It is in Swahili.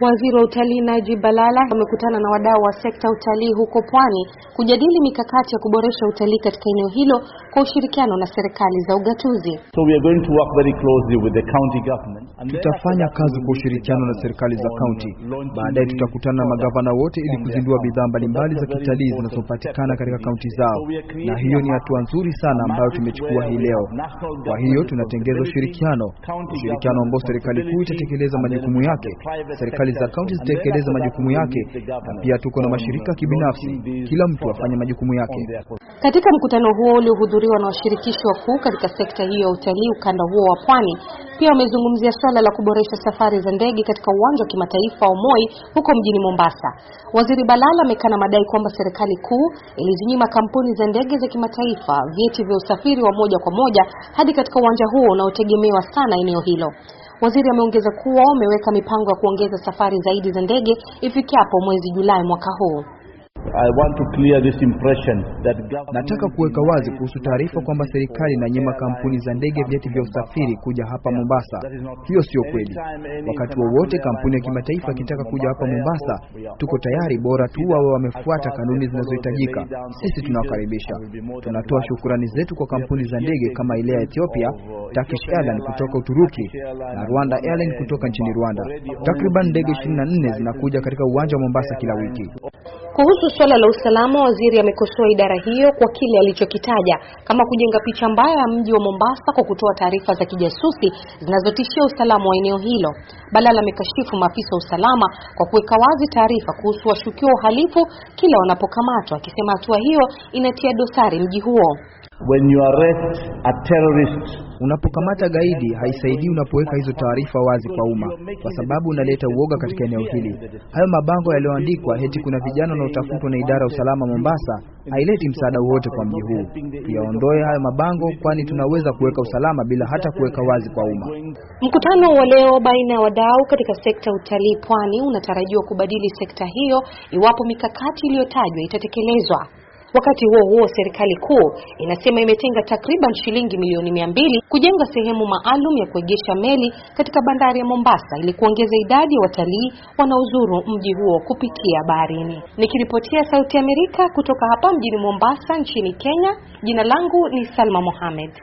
Waziri wa utalii Najib Balala amekutana na wadau wa sekta ya utalii huko Pwani kujadili mikakati ya kuboresha utalii katika eneo hilo kwa ushirikiano na serikali za ugatuzi. So we are going to work very closely with the county government. Tutafanya kazi kwa ushirikiano na serikali za kaunti. Baadaye tutakutana na magavana wote ili kuzindua bidhaa mbalimbali za kitalii zinazopatikana katika kaunti zao, na hiyo ni hatua nzuri sana ambayo tumechukua hii leo. Kwa hiyo tunatengeza ushirikiano, ushirikiano ambao serikali kuu itatekeleza majukumu yake, serikali za kaunti zitatekeleza majukumu yake, na pia tuko na mashirika ya kibinafsi, kila mtu afanye majukumu yake. Katika mkutano huo uliohudhuriwa na washirikishi wakuu katika sekta hiyo ya utalii ukanda huo wa pwani, pia wamezungumzia suala la kuboresha safari za ndege katika uwanja wa kimataifa wa Moi huko mjini Mombasa. Waziri Balala amekana madai kwamba serikali kuu ilizinyima kampuni za ndege za kimataifa vyeti vya usafiri wa moja kwa moja hadi katika uwanja huo unaotegemewa sana eneo hilo. Waziri ameongeza kuwa wameweka mipango ya kuongeza safari zaidi za ndege ifikapo mwezi Julai mwaka huu. I want to clear this impression that government... Nataka kuweka wazi kuhusu taarifa kwamba serikali inanyima kampuni za ndege vyeti vya usafiri kuja hapa Mombasa. Hiyo sio kweli. Wakati wowote kampuni ya kimataifa ikitaka kuja hapa Mombasa, tuko tayari, bora tu wawe wamefuata kanuni zinazohitajika. Sisi tunawakaribisha. Tunatoa shukurani zetu kwa kampuni za ndege kama ile ya Ethiopia, uh, Turkish Airlines kutoka Uturuki na Rwanda Airlines kutoka nchini Rwanda. Takriban ndege 24 zinakuja katika uwanja wa Mombasa kila wiki. Kuhusu suala la usalama, waziri amekosoa idara hiyo kwa kile alichokitaja kama kujenga picha mbaya ya mji wa Mombasa kwa kutoa taarifa za kijasusi zinazotishia usalama wa eneo hilo. Balala amekashifu maafisa wa usalama kwa kuweka wazi taarifa kuhusu washukiwa uhalifu kila wanapokamatwa, akisema hatua hiyo inatia dosari mji huo. When you arrest a terrorist, unapokamata gaidi haisaidii unapoweka hizo taarifa wazi kwa umma, kwa sababu unaleta uoga katika eneo hili. Hayo mabango yaliyoandikwa heti kuna vijana wanaotafutwa na idara ya usalama Mombasa haileti msaada wowote kwa mji huu. Tuyaondoe hayo mabango, kwani tunaweza kuweka usalama bila hata kuweka wazi kwa umma. Mkutano wa leo baina ya wadau katika sekta ya utalii pwani unatarajiwa kubadili sekta hiyo iwapo mikakati iliyotajwa itatekelezwa. Wakati huo huo, serikali kuu inasema imetenga takriban shilingi milioni mia mbili kujenga sehemu maalum ya kuegesha meli katika bandari ya Mombasa ili kuongeza idadi ya watalii wanaozuru mji huo kupitia baharini. Nikiripotia Sauti ya Amerika kutoka hapa mjini Mombasa nchini Kenya, jina langu ni Salma Mohamed.